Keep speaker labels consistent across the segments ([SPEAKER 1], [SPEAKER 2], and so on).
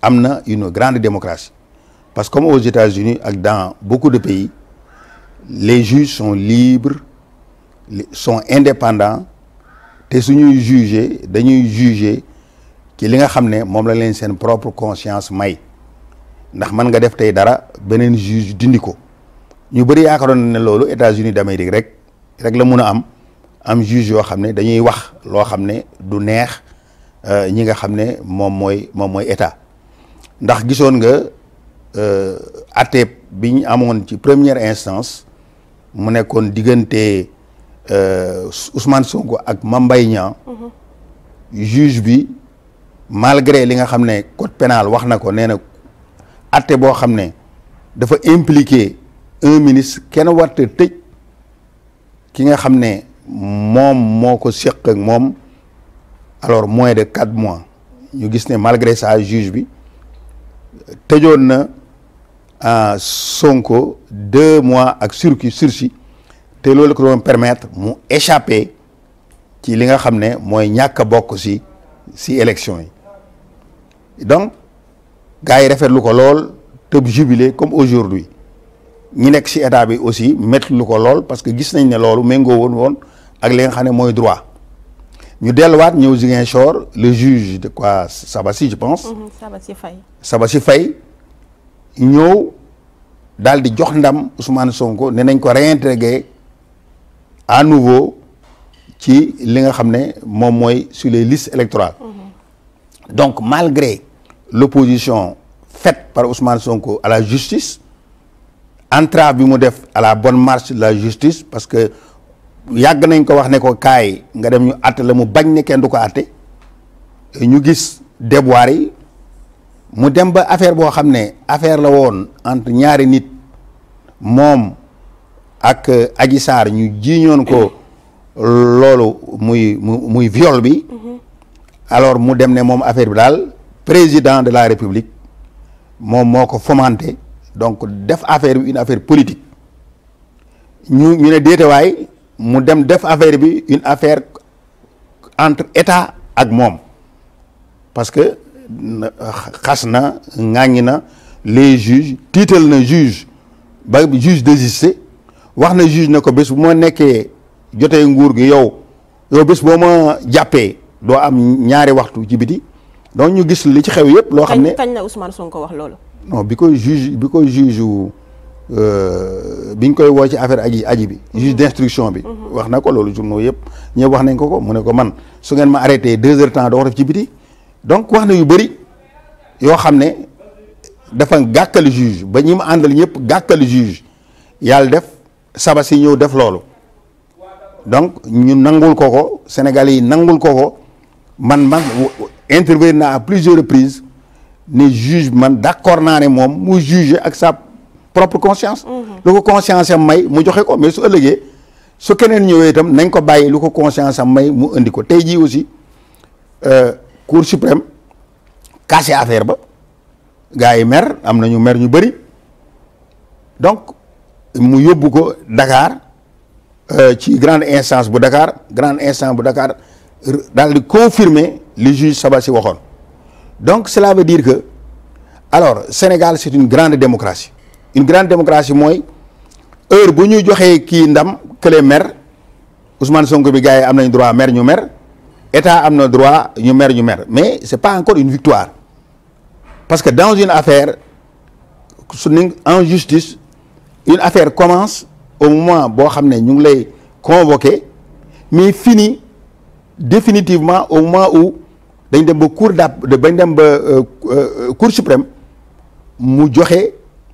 [SPEAKER 1] amna une grande démocratie parce que comme aux États-Unis et dans beaucoup de pays les juges sont libres sont indépendants te suñuy juger dañuy juger ki li nga xamné mom la leen propre conscience may ndax man nga def tay dara benen juge nous ko ñu bëri yaakaaroon né lolu États-Unis d'Amérique rek rek la mëna am am juge yo xamné dañuy wax lo xamné du neex euh, ñi nga xamné mom moy mom moy état ndax gisoon nga euh, ATEP bi ñu amoon ci première instance mu nekkone nekkoon euh Ousmane Sonko ak Mame Mbaye Niang
[SPEAKER 2] mm-hmm.
[SPEAKER 1] juge bi malgré li nga xamné code pénal wax nako néna nee bo xamné dafa impliquer un ministre kenn warte tej ki nga xamné mom moko sékk ak mom alors moins de 4 mois ñu gis né malgré ça juge bi tëjoon à Sonko deux mois ak sursis té ko permettre mu échapper ci li nga si élection donc gaay yi jubilé comme aujourd'hui ñi nek aussi mettre le ko parce que gis nañ ak li droit ñu eu ñëw Chor, le juge de quoi Sabassi je pense. Sabassi Fay. Sabassi Fay. Nous avons, di jox ndam Ousmane Sonko nous réintégré à nouveau qui, li nga sur les listes électorales. Mhm. donc malgré l'opposition faite par Ousmane Sonko à la justice entrave à la bonne marche de la justice parce que. yàgg nañ ko wax ne ko kaay nga dem ñu àtte la mu bañ ne kenn du ko àtte ñu gis déboires yi mu dem ba affaire boo xam ne affaire la woon entre ñaari nit moom ak Adji Sarr ñu jiiñoon ko loolu muy muy viole bi mm-hmm. alors mu dem ne moom affaire bi daal président de la république moom moo ko fomenté donc def affaire bi une affaire politique ñu ñu ne déetewaay mu dem def bi une affaire entre état ak mom parce que khasna ngagnina les juges titel na juge ba juge désisté waxna juge ne ko bu nguur yow yow bes ma am ñaari waxtu ñu gis li ci xew non juge. Euh, biñ koy wo ci affaire aji aji bi juge d'instruction bi mhm. wax na ko lolu journaux yep ñëpp wax nañ ko ko mu ne ko man su ngeen ma arrêté 2 heures temps do def ci biti donc wax na yu bari yo xam dafa gàkkal juge ba ñi ma andal ñep gàkkal juge yàlla def sabasi si def lolu donc ñu nangul koko Sénégalais yi nangul koko man man intervenir naa à plusieurs reprises ne juge man d'accord na né mom mu juger ak sa propre conscience. Mhm. le conscience am may mu joxe ko mais su ëllëgee ce que nous avons nañ ko bàyyi lu conscience am mu indi ko euh, cour suprême cassé affaire ba gars yi mer am nañu mer ñu bëri donc mu beaucoup ko Dakar euh, ci grande instance bu Dakar grande instance de Dakar qui di confirmer le juge Sabassi waxoon donc cela veut dire que alors Sénégal c'est une grande démocratie une grande démocratie moy heure bu ñu joxee maires, que les mères, Ousmane Sonko bi gars droit mère ñu mère, état amna droit ñu mère ñu mère, mais c'est pas encore une victoire parce que dans une affaire en justice une affaire commence au moment où xamné ñu convoqué mais finit définitivement au moment où dañ dem cour dem euh, euh, suprême mu joxé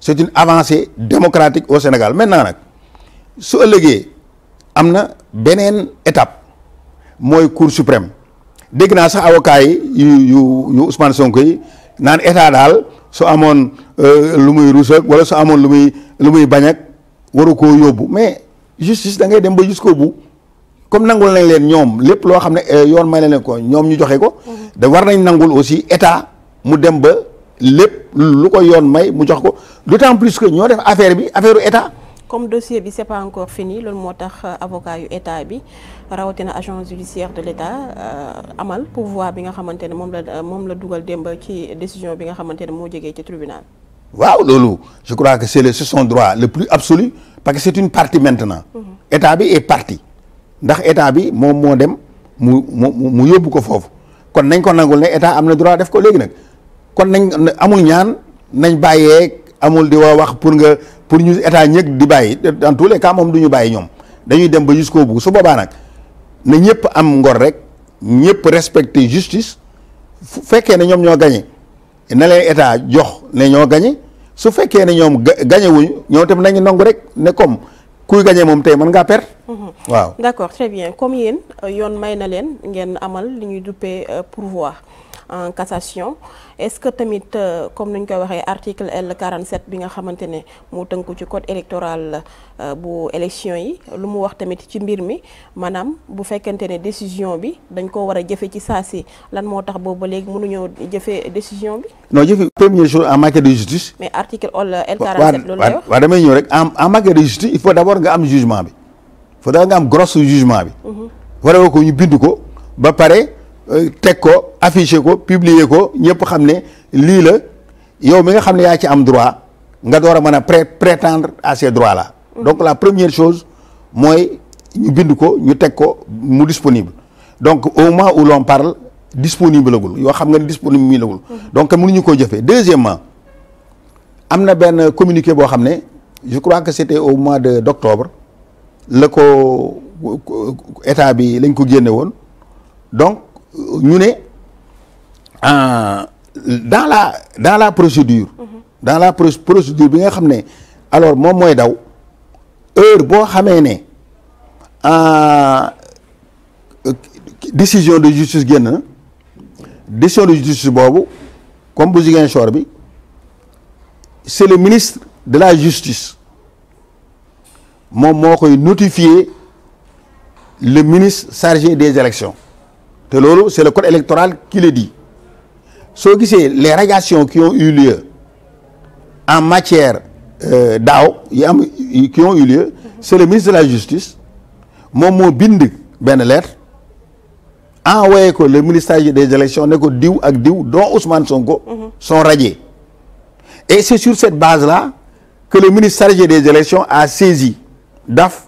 [SPEAKER 1] c'est une avancée démocratique au Sénégal maintenant ce le il y benen étape Moy cour suprême dégg vous sax avocat yi vous Ousmane Sonko yi état dal vous vous wala vous mais justice da jusqu'au bout comme nangul dit, leen ñoom lépp vous xam les euh, yoon may ko mmh. nangul aussi état mu lépp lu ko yoon may mu jox ko d'autant plus que ñoo def affaire bi affaire état.
[SPEAKER 3] comme dossier bi c'est pas encore fini lool motax euh, avocat yu état bi rawatina agent judiciaire de l'état euh, amal pouvoir bi nga xamantene mom la euh, mom la dugal démb ci décision bi nga xamantene mo moo ci tribunal.
[SPEAKER 1] waaw loolu je crois que c'est le ce son droit le plus absolu parce que c'est une partie maintenant. Mhm. état bi est partie ndax état bi mom mo dem mu mu yobou ko fofu kon nagn ko nangul ne état amna droit def ko léegi nag. kon nañ amul ñaan nañ bàyyee amul di wa wax pour nga pour ñu état ñëg di bàyyi dans tous les moom du ñu bàyyi ñoom dañuy dem ba jusqu'au bout su boobaa na ñëpp am ngor rek ñëpp respecter justice fu fekkee ne ñoom ñoo gañe na leen état jox ne ñoo gañe su fekkee ne ñoom ga gañe wuñu ñoom tam nañu nangu rek ne comme kuy gañe moom tey mën ngaa per mhm. waaw
[SPEAKER 3] d'accord très bien comme yéen yoon may na leen ngeen amal li ñuy duppee euh, pourvoi. en cassation est-ce que tamit euh, comme ni ñu koy waxee article L 47 bi nga xamante mo moo ci code électoral euh, bu élection yi lu mu wax tamit ci mbir mi manam bu fekkente décision bi dañ ko wara jëfé ci sasi lan mo tax bobu ba mënu ñu jëfé décision bi.
[SPEAKER 1] non jëfé premier jour en matière de justice.
[SPEAKER 3] mais article L 47 loolu lay wax
[SPEAKER 1] waaw damay ñëw rek en en matière de justice il faut d'abord nga am jugement bi faut d'abord nga am gros jugement bi. Mhm. Wara ko ñu bind ko ba paré euh, teg afficher affiché ko publier ko ñepp xamné li la yow mi nga xamné ya ci am droit nga door mëna prétendre à ces droits là. Mm-hmm. donc la première chose moy ñu bind ko ñu teg ko mu disponible donc au moment où l'on parle disponible gul yo xam nga disponible mi gul mm-hmm. donc ñu ko jëfé deuxièmement amna ben communiqué bo xamné je crois que c'était au mois de d'octobre le ko état bi lañ ko génne won donc. Nous, euh, dans la dans la procédure dans la procédure bi nga alors moi mooy daw heure bon xamee ne euh, euh, décision de justice décision de justice boobu comme bu Ziguinchor bi c'est le ministre de la justice qui moo notifier le ministre chargé des élections c'est le code électoral qui le dit Ce qui c'est, les radiations qui ont eu lieu en matière euh, qui ont eu lieu c'est le ministre de la justice Momo Bindik bind a envoyé que le ministère des élections dont Ousmane Sonko sont radiés et c'est sur cette base là que le ministère des élections a saisi DAF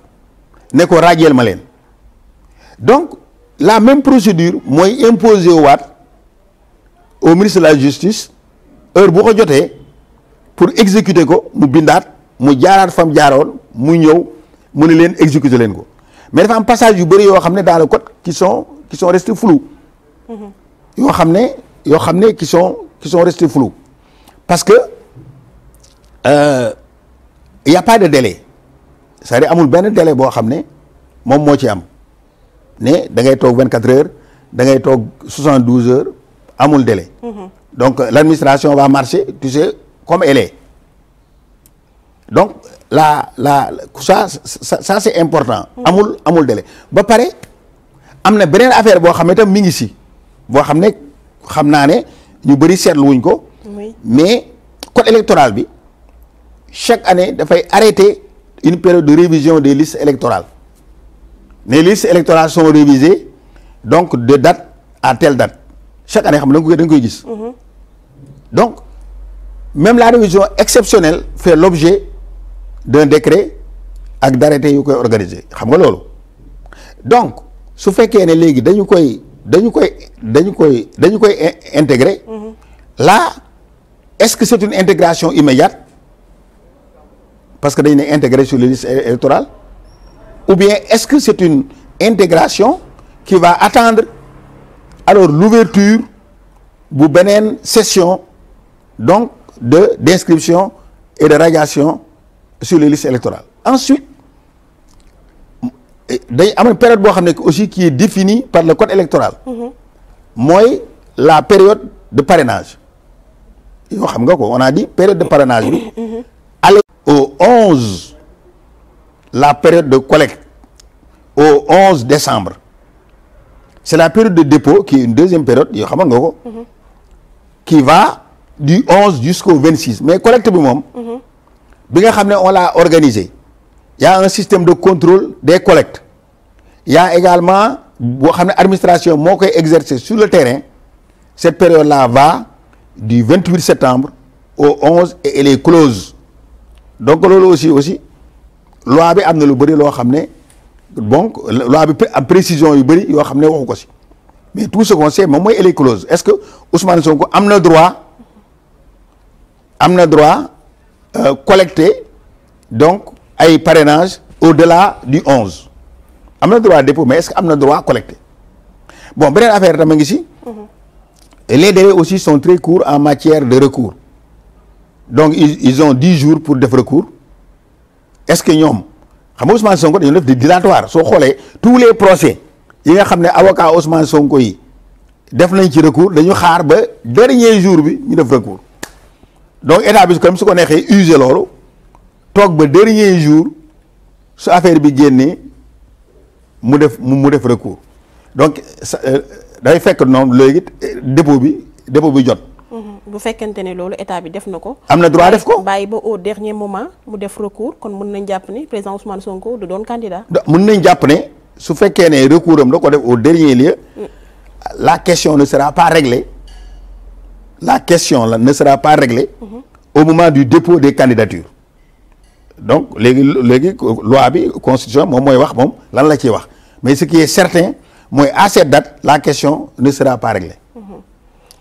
[SPEAKER 1] Neko ko radiel malin. donc la même procédure mooy imposer waat au ministre de la justice heure bu ko pour exécuter ko mu bindat, mu jaaraat femme jaaroon mu ñëw mu exécuter leen ko mais dans un passage yu bruit, yoo xam dans le code qui sont qui sont restés flou. Mm-hmm. yoo xam ramené yoo a ramené qui sont qui sont restés flou parce que euh, n'y a pas de délai c'est-à-dire amul benn délai boo xam ne moom ci am ne da ngay 24 heures da ngay 72 heures amul délai. donc l'administration va marcher tu sais comme elle est donc la la ça ça, ça c'est important. amul amul délai ba paré, amna benen affaire bo xam ici. tam mi ngi ci bo xamné xamna né ñu ko. mais code électoral bi chaque année il faut arrêter une période de révision des listes électorales les listes électorales sont révisées donc de date à telle date chaque année on nga da mhm. donc même la révision exceptionnelle fait l'objet d'un décret à d'arrêté qui organiser donc ce fait qu'il y a une ligue, koy mhm. là est-ce que c'est une intégration immédiate parce que est intégré sur les listes électorales ou bien est-ce que c'est une intégration qui va attendre alors l'ouverture pour session donc de d'inscription et de radiation sur les listes électorales ensuite il y a une période aussi qui est définie par le code électoral mm-hmm. moi la période de parrainage on a dit période de parrainage mm-hmm. allez au 11 la période de collecte au 11 décembre c'est la période de dépôt qui est une deuxième période qui va du 11 jusqu'au 26 mais collecte
[SPEAKER 2] on
[SPEAKER 1] l'a organisé Il y a un système de contrôle des collectes Il y a également l'administration qui administration sur le terrain cette période là va du 28 septembre au 11 et elle est close donc loi aussi aussi loi bi le lu donc la précision yu bonne, yoo xam ne mais tout ce qu'on sait moi, est les clauses est-ce que Ousmane Sonko a le droit de droit euh, collecter donc ay parrainage au-delà du 11 A le droit de dépôt mais est-ce qu'il a le droit de collecter bon beneen affaire ici. les délais aussi sont très courts en matière de recours donc ils ont 10 jours pour faire recours est-ce que nous... xam nga Ousmane Sonko dañoo def di dilatoire soo xoolee tous les procès yi nga xam ne avocat Ousmane Sonko yi def nañ ci recours dañu xaar ba dernier jour bi ñu def recours donc état bi comme su ko neexee usé loolu toog ba dernier jour su affaire bi génnee mu def mu def recours donc euh, day fekk noonu léegi dépôt bi dépôt bi jot.
[SPEAKER 3] Vous faites ne loolu état bi def nako
[SPEAKER 1] amna droit def ko
[SPEAKER 3] baye ba au dernier moment mu def recours kon mun nañ japp ne président Ousmane Sonko du don candidat.
[SPEAKER 1] mun nañ japp ne su ne recours def au dernier lieu. Mm. la question ne sera pas réglée la question ne sera pas réglée. Mm-hmm. au moment du dépôt des candidatures. donc légui légui loi bi constitution mom moy wax mom lan la ci wax mais ce qui est certain moy à cette date la question ne sera pas réglée. Mm-hmm.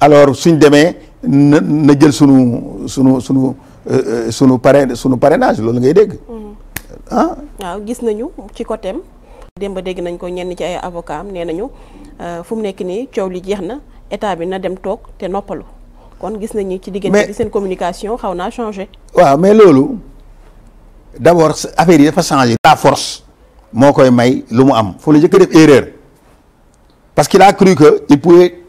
[SPEAKER 1] alors suñ démé na jël suñu suñu suñu euh, euh, suñu parrain suñu parrainage loolu ngay dégg.
[SPEAKER 3] Mhm. ah. waaw gis nañu ci côté demba dégg nañ ko ñenn ci ay avocat am nañu euh, fu mu nekk ni ciow li jeex état bi na dem tok té noppalu kon gis nañu ci diggante bi sen communication xawna changer changé.
[SPEAKER 1] waaw mais loolu d'abord affaire yi dafa changer la force mo koy may lu mu am. foo la jëkk def erreur parce qu'il a cru que il pouvait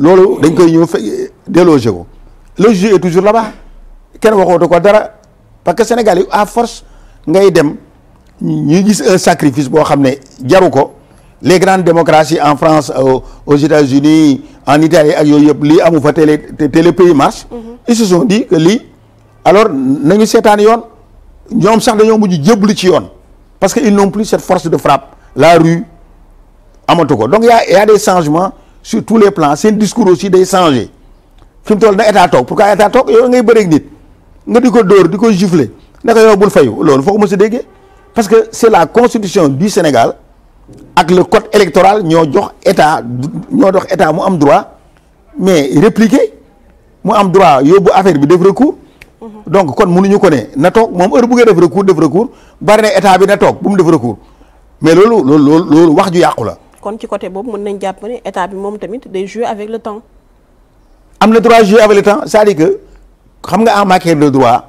[SPEAKER 1] loolu dañ koy ñëw déloger ko le jeu est toujours là-bas kenn waxootu ko dara parce que Sénégal Sénégalais, à force ngay dem ñi gis un sacrifice pour xamné jaru ko les grandes démocraties en France aux États-Unis en Italie ak yooyu yëpp lii amu fa télé télé pays marche mhm. ils se sont dit que li alors nañu sétane yoon ñom sax dañu mujj jëblu ci yoon parce que ils n'ont plus cette force de frappe la rue amatu ko donc y y a des changements sur tous les plans c'est un discours aussi des changer. Fim tol toll na état tok. pourquoi état tok? Yo ngay bëreeg nit nga diko dor, diko di ko gifler ne ko yow bul fayu loolu foko ko mos a parce que c'est la constitution du Sénégal ak le code électoral ño jox état ño dox état mu am droit mais répliquer mu am droit yóbbu affaire bi def recours. Mhm. donc kon mënuñu ko né na tok mom heure bu ngeen def recours def recours bari na état bi na tok bu mu def recours mais loolu loolu loolu wax ju yaqula
[SPEAKER 3] kon ci côté boobu mën nañ jàpp ne état bi tamit jouer avec le temps.
[SPEAKER 1] am le droit jouer avec le temps c'est-à-dire que xam nga en marqué le droit.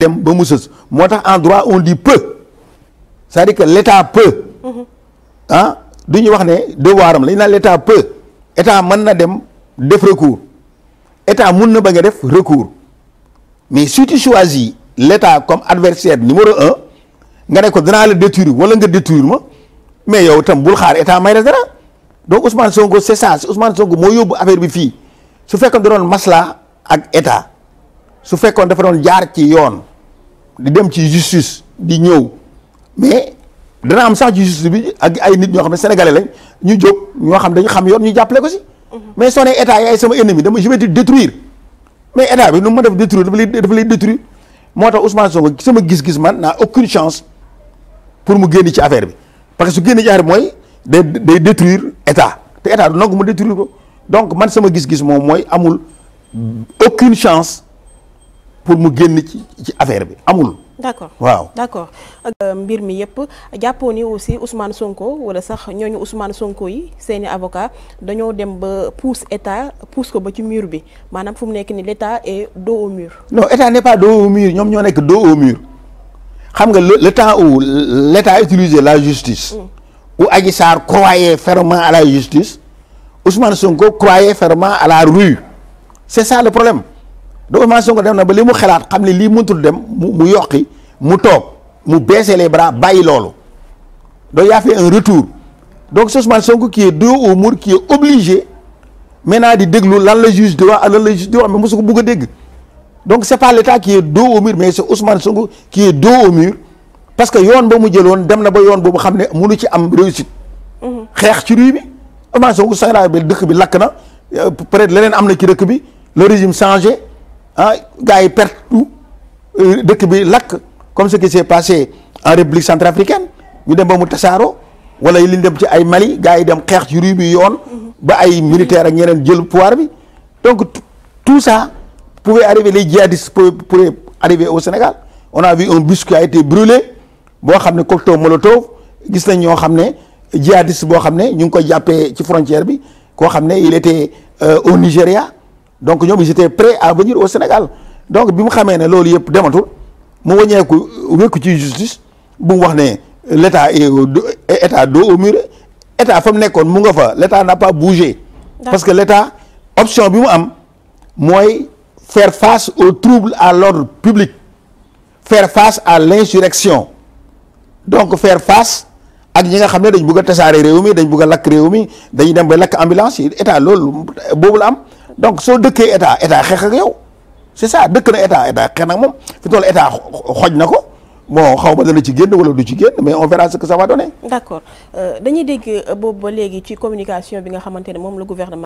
[SPEAKER 1] dem ba mu sës en droit on dit peu c'est-à-dire que l'état peut. On mhm. ah, du ñu wax ne devoiram l'état peut état mën na dem def recours état peut na def recours mais si tu choisis l'état comme adversaire numéro un nga ne ko danaa la détruire wala nga détruire ma. mais yow itam bul xaar état may la dara donc Ousmane Sonko c'est ça Ousmane Sonko moo yóbbu affaire bi fii su fekkoon da doon maslaa ak état su fekkoon dafa doon jaar ci yoon di dem ci justice di ñëw dana am sax ci justice bi ak ay nit ñoo xam ne sénégalais lañ ñu jóg ñoo xam dañu xam yoon ñu jàppale ko si. Mhm. mais soo nee état yaay sama ennemi dama je vais te mais état bi nu ma def détruire dafa lay dafa lay moo tax Ousmane Sonko sama gis-gis man naa aucune chance pour mu génn ci affaire bi. parce que ce qui est de, mooy détruire état te état du nangu détruire donc man sama gis-gis moom mooy amul aucune chance pour me génn ci ci affaire bi amul. D'accord. accord
[SPEAKER 3] D'accord. d' euh, mbir mi yëpp jàppoo aussi Ousmane Sonko wala sax ñooñu Ousmane Sonko yi seeni avocat dañoo dem ba pousse état pousse ko ba ci mur bi Manam fu mu ni l'état est dos au mur.
[SPEAKER 1] non état n'est pas dos au mur ñom ñoo nek dos au mur xam nga le temps où l'État utilisait la justice mm. où Adji Sarr croyait fermement à la justice Ousmane Sonko croyait fermement à la rue c'est ça le problème donc Ousmane Sonko dem na ba li mu xalaat xam ne lii mënatul dem mu mu mu toog baisser les bras bàyyi lolu donc fait un retour donc c'est Ousmane Sonko qui est deux au mur qui est obligé maintenant di déglu lan la juge doit lan la juge doit mais mosu ko donc c'est pas l'état qui est dos au mur mais c'est Ousmane Sonko qui est dos au mur parce que yon ba mu Demna dem na ba yoon boobu xam ne ci am réussite. ci bi Ousmane Sonko sax bi dëkk bi lakk près euh, peut-être leneen am na ci dëkk bi le régime changé ah gars yi perte tout euh, dëkk bi Lak, comme ce qui s'est passé en République centrafricaine ñu dem ba mu tasaaroo wala li ñu ci ay Mali gars yi dem xeex ci rue bi yoon. ba ay militaire ak ñeneen jël pouvoir bi donc tout ça pouvaient arriver, les djihadistes pourraient arriver au Sénégal. On a vu un bus qui a été brûlé, boo xam ne cocktail molotov gis nañ ñoo xam ne djihadiste boo xam ne ñu ngi koy jàppee ci frontière bi koo xam il était euh, au Nigeria donc ñoom ils prêt à venir au Sénégal donc bi mu xamee ne loolu yëpp dematul mu wàññeeku wékku ci justice bu mu wax ne l' état est état dos au mur état fa mu mu nga fa l' état pas bougé. parce que l' option bi am mooy faire face aux troubles à l'ordre public, faire face à l'insurrection donc faire face ak ñi nga xam ne dañ bëgg a tasaare réew mi dañ bëgg a lakk réew dem ba lakk ambulance yi état loolu boobu la am donc soo dëkkee état état xeex ak yow c'est ça dëkk na état état xeex nag moom fi toll état xoj na ko bon xaw ma dana ci génn wala du ci mais on verra ce que ça va donner.
[SPEAKER 3] d'accord euh, dañuy dégg boobu ba léegi ci communication bi nga le gouvernement.